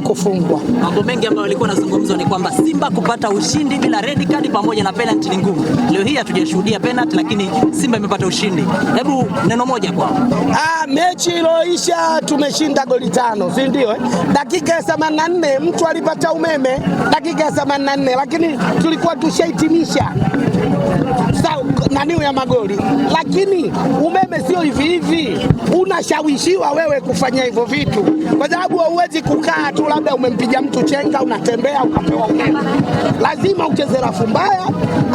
kufungwa. Mambo mengi ambayo walikuwa nazungumzwa ni kwamba Simba kupata ushindi bila red card pamoja na penalty ni ngumu. Leo hii hatujashuhudia penalty, lakini Simba imepata ushindi. Hebu neno moja kwa ah, mechi iloisha tumeshinda goli tano, si ndio? Eh, dakika ya 84 mtu alipata umeme dakika ya 84, lakini tulikuwa tushahitimisha nani ya magoli lakini ume pombe sio hivi hivi, unashawishiwa wewe kufanya hivyo vitu, kwa sababu hauwezi kukaa tu labda umempiga mtu chenga unatembea ukapewa umeme. Lazima ucheze rafu mbaya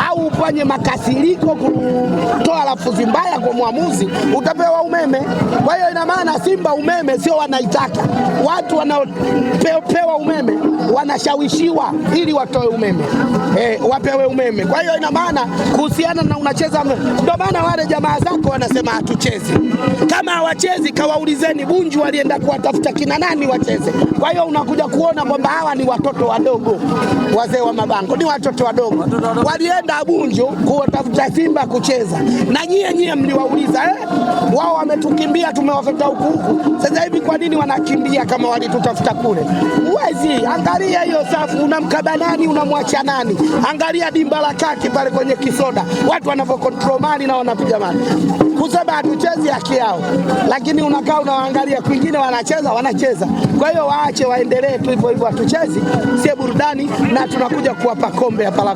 au ufanye makasiriko kutoa rafu mbaya kwa mwamuzi, utapewa umeme. Ina maana Simba umeme sio wanaitaka, watu wanaopewa umeme wanashawishiwa ili watoe umeme e, wapewe umeme. Kwa hiyo ina maana kuhusiana na unacheza, ndio maana wale jamaa zako wanasema hatuchezi. Kama hawachezi kawaulizeni Bunju walienda kuwatafuta kina nani wacheze. Kwa hiyo unakuja kuona kwamba hawa ni watoto wadogo, wazee wa mabango ni watoto wadogo, walienda Bunju kuwatafuta Simba kucheza, na nyie nyie mliwauliza eh? wametukimbia tumewafuta huku huku, sasa hivi kwa nini wanakimbia kama walitutafuta kule? Uwezi angalia hiyo safu, unamkaba nani, unamwacha nani? Angalia dimba la kaki pale kwenye kisoda, watu wanavyokontrol mali na wanapiga mali, kusema hatuchezi haki yao, lakini unakaa unawaangalia kwingine wanacheza, wanacheza. Kwa hiyo waache waendelee tu hivyo hivyo, hatuchezi, sie burudani na tunakuja kuwapa kombe hapa la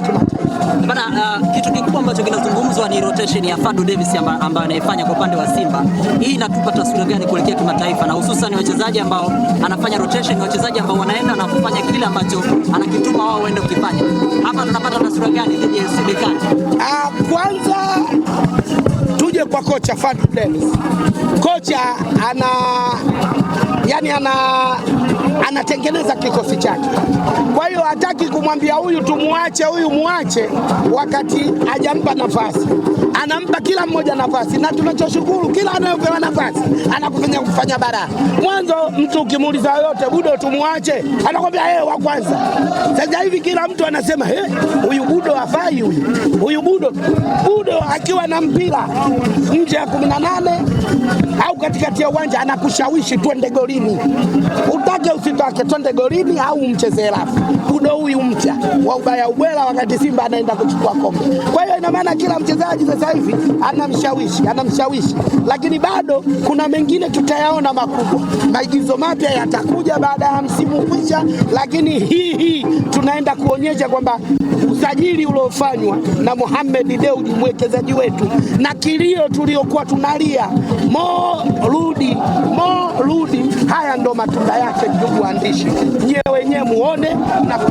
Bana, uh, kitu kikubwa ambacho kinazungumzwa ni rotation ya Fado Davis ambayo anaifanya kwa upande wa Simba. Hii inatupa taswira gani kuelekea kimataifa na hususan wachezaji ambao anafanya rotation ni wachezaji ambao wanaenda na kufanya kile ambacho anakituma wao waende kufanya. Hapa tunapata taswira gani dhidi ya SC Ah, kwanza tuje kwa kocha Fado Davis. Kocha ana yani ana anatengeneza kikosi chake. Kwa bado hataki kumwambia huyu tumwache, huyu muache, wakati hajampa nafasi. Anampa kila mmoja nafasi, na tunachoshukuru kila anayopewa nafasi anakufanya kufanya baraa. Mwanzo mtu ukimuuliza yoyote, Budo tumwache, anakwambia yeye eh, wa kwanza. Sasa hivi kila mtu anasema eh, huyu Budo hafai, huyu huyu Budo. Budo akiwa na mpira nje ya kumi na nane au katikati ya uwanja anakushawishi twende golini, utake usitake, twende golini au mchezee rafu. Mkundo huyu mpya wa ubaya ubwela, wakati Simba anaenda kuchukua kombe. Kwa hiyo ina maana kila mchezaji sasa hivi anamshawishi, anamshawishi, lakini bado kuna mengine tutayaona makubwa. Maigizo mapya yatakuja baada ya msimu kuisha, lakini hii hii tunaenda kuonyesha kwamba usajili uliofanywa na Mohamed Dewji mwekezaji wetu na kilio tuliokuwa tunalia Mo rudi, Mo rudi. Haya ndo matunda yake, ndugu waandishi, nyewe wenyewe muone na